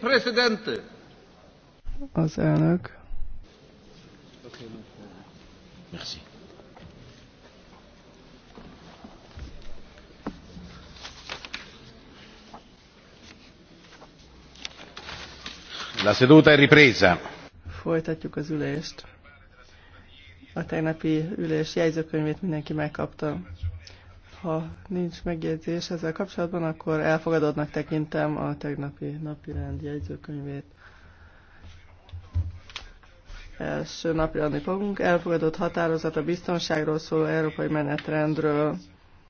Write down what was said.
Presidente! Az elnök. Merci. La seduta è ripresa. Folytatjuk az ülést. A tegnapi ülés jegyzőkönyvét mindenki megkapta. Ha nincs megjegyzés ezzel kapcsolatban, akkor elfogadottnak tekintem a tegnapi napi rend jegyzőkönyvét. Első napi adni fogunk. Elfogadott határozat a biztonságról szóló európai menetrendről.